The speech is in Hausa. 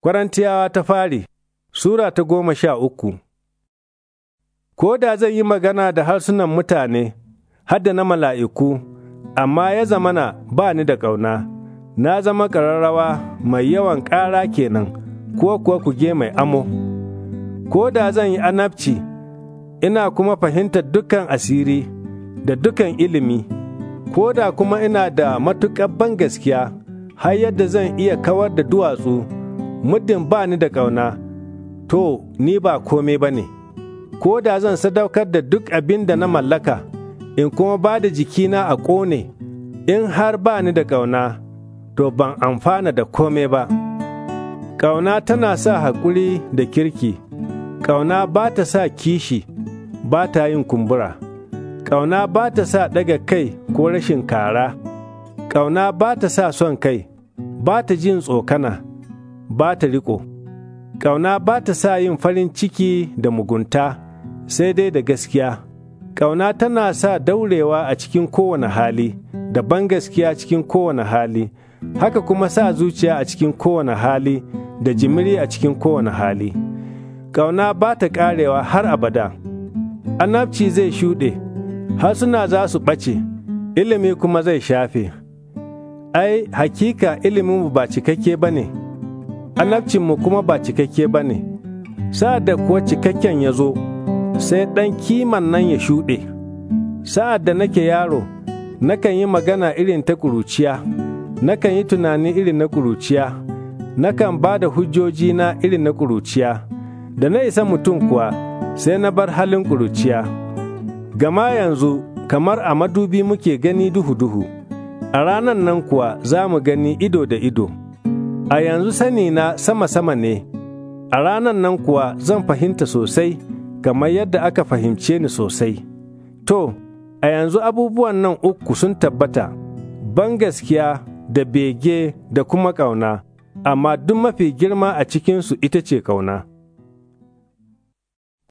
Korintiyawa ta fari Sura ta goma sha uku Ko da zan yi magana da harsunan mutane, hadda na mala'iku, amma ya zamana ba ni da ƙauna, na zama ƙararrawa mai yawan ƙara kenan, ko kuwa kuge mai amo. Ko da zan yi anabci, ina kuma fahimtar dukan asiri da dukan ilimi, ko da kuma ina da matuƙar ban gaskiya, har yadda zan iya kawar da duwatsu. muddin ba ni da ƙauna, to, ni ba kome ba ne, ko da zan sadaukar da duk abin da na mallaka, in kuma ba da jikina a ƙone, in har ba ni da ƙauna, to, ban amfana da kome ba. Ƙauna tana sa haƙuri da kirki, ƙauna ba ta sa kishi, ba ta yin kumbura, ƙauna ba ta sa ɗaga kai ko rashin kara, ƙauna ba ta sa son kai, ba ta jin tsokana. ba ta riƙo. Ƙauna ba ta sa yin farin ciki da mugunta, sai dai da gaskiya. Ƙauna tana sa daurewa a cikin kowane hali, da ban gaskiya cikin kowane hali, haka kuma sa zuciya a cikin kowane hali, da jimiri a cikin kowane hali. Ƙauna ba ta ƙarewa har abada. Annabci zai shuɗe, harsuna za su ɓace, ilimi kuma zai shafe. Ai, hakika ilimin ba cikakke ba ne. annabcinmu kuma ba cikakke ba ne, sa'ad da kuwa cikakken ya zo, sai ɗan kiman nan ya shuɗe, sa'ad da nake yaro, nakan yi magana irin ta ƙuruciya, nakan yi tunani irin na ƙuruciya, nakan ba da hujjoji na irin na ƙuruciya, da na isa mutum kuwa sai na bar halin ƙuruciya. Gama yanzu, kamar a madubi muke gani duhu-duhu, a ranan nan kuwa za mu gani ido da ido. A yanzu sani na sama-sama ne, a ranan nan kuwa zan fahimta sosai, kamar yadda aka fahimce ni sosai. To, a yanzu abubuwan nan uku sun tabbata, ban gaskiya da bege da kuma ƙauna, amma duk mafi girma a cikinsu ita ce ƙauna.